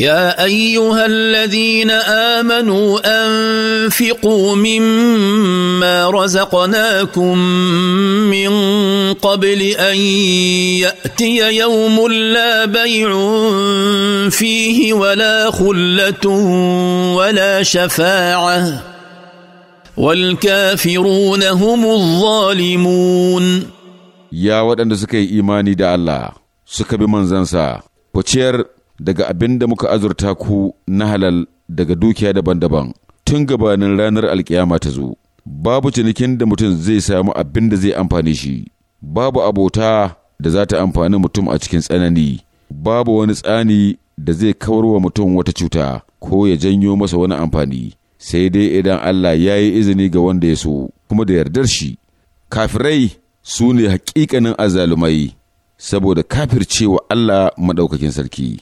يا ايها الذين امنوا انفقوا مما رزقناكم من قبل ان ياتي يوم لا بيع فيه ولا خله ولا شفاعه والكافرون هم الظالمون يا ودن سكي ايماني دا الله سكبي منزنسا ku daga abin da muka azurta ku na halal daga dukiya daban-daban tun gabanin ranar alkiyama ta zo babu cinikin da mutum zai samu abin da zai amfani shi babu abota da za ta amfani mutum a cikin tsanani babu wani tsani da zai kawar wa mutum wata cuta ko ya janyo masa wani amfani sai dai idan Allah ya yi izini ga wanda ya so kuma da yardar shi kafirai su ne hakikanin azalumai saboda kafircewa Allah maɗaukakin sarki.